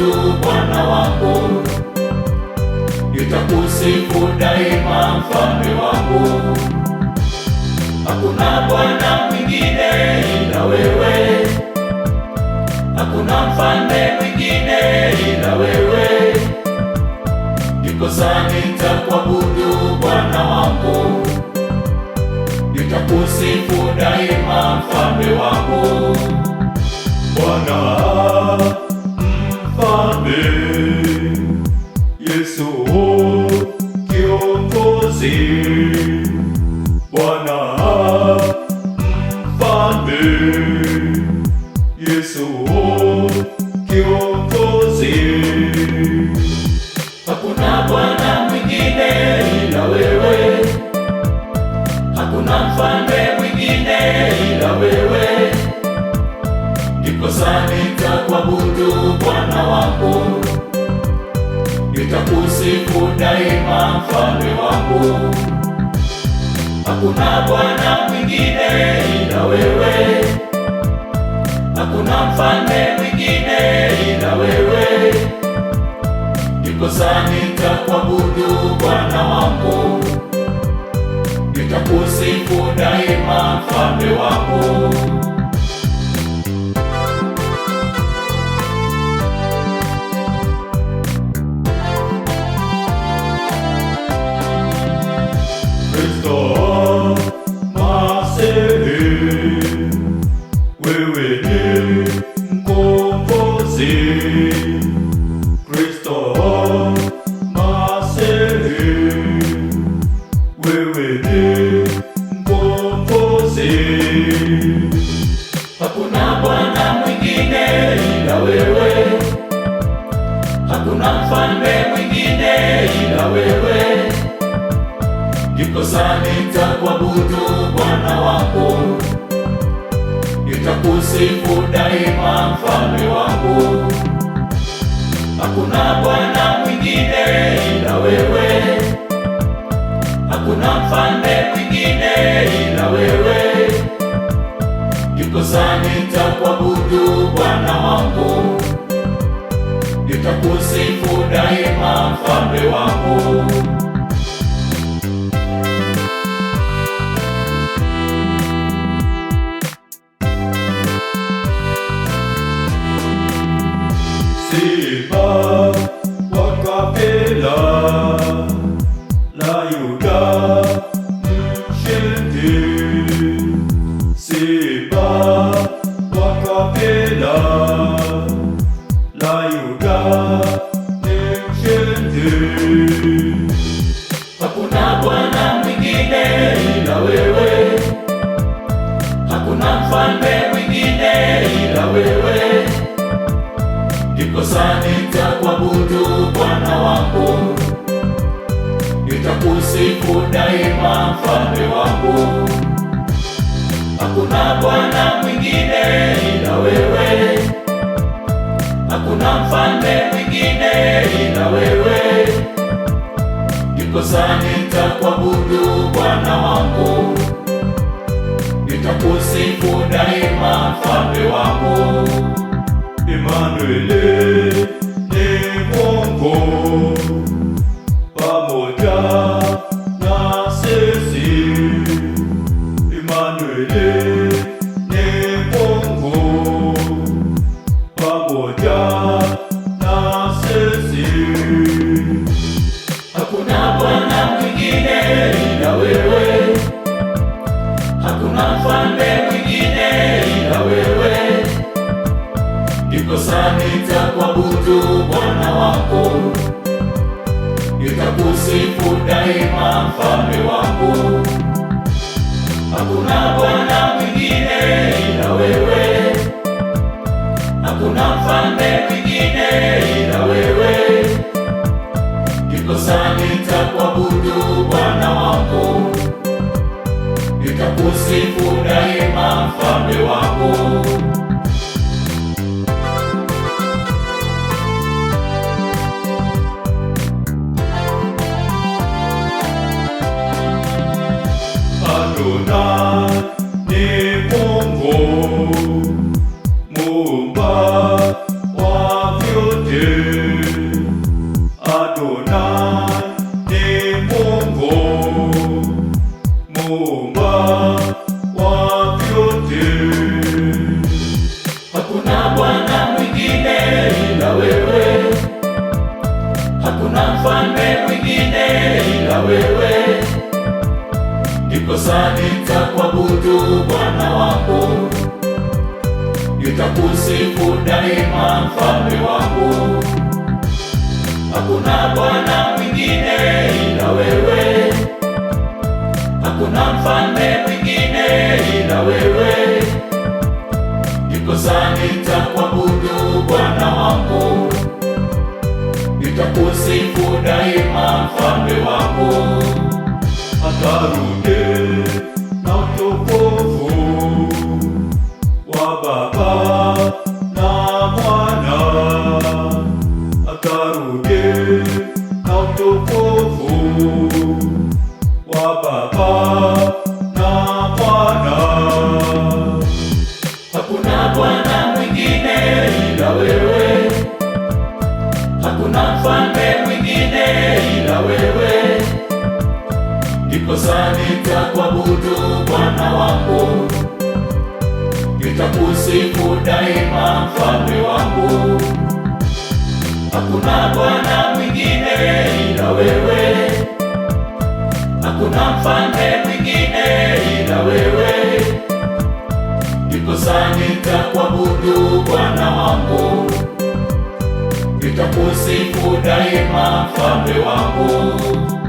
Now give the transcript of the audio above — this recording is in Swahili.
tu Bwana wangu, nitakusifu daima mfalme wangu. Hakuna Bwana mwingine ila wewe, hakuna mfalme mwingine ila wewe. Ndiposa nitakuabudu Bwana wangu, nitakusifu daima mfalme wangu. Amen. Yesu Kiokozi, hakuna Bwana mwingine ila wewe, hakuna mfalme mwingine ila wewe, ndiposa nitakuabudu Bwana wangu, nitakusifu daima mfalme wangu Hakuna Bwana mwingine ila wewe, hakuna mfalme mwingine ila wewe. Nikosani nitakuabudu Bwana wangu, nitakusifu daima mfalme wangu. wewe ni mkombozi, hakuna Bwana mwingine ila wewe, hakuna mfalme mwingine ila wewe. Nikosani nitakuabudu Bwana wangu nitakusifu daima mfalme wangu hakuna Bwana mwingine ila wewe wewe, jikosani nitakuabudu Bwana wangu, nitakusifu daima mfalme wangu. niombe mwingine ila wewe, nikosani nitakuabudu Bwana wangu, nitakusifu daima mfalme wangu. Hakuna Bwana mwingine ila wewe, hakuna mfalme mwingine ila wewe, nikosani nitakuabudu Bwana wangu nitakusifu daima, mfalme wangu Emanueli wangu, nitakusifu daima mfalme wangu, hakuna Bwana mwingine ila wewe. mwingine ila wewe, ndipo sana nitakuabudu Bwana wangu, nitakusifu daima mfalme wangu. Hakuna Bwana mwingine ila wewe, hakuna mfalme mwingine ila wewe, ndipo sana nitakuabudu Bwana wangu Nitakusifu daima mfalme wangu hata kanisani nitakuabudu Bwana wangu, nitakusifu daima mfalme wangu. Hakuna Bwana mwingine ila wewe, hakuna mfalme mwingine ila wewe. Nitakusanya nitakuabudu Bwana wangu, nitakusifu daima mfalme wangu.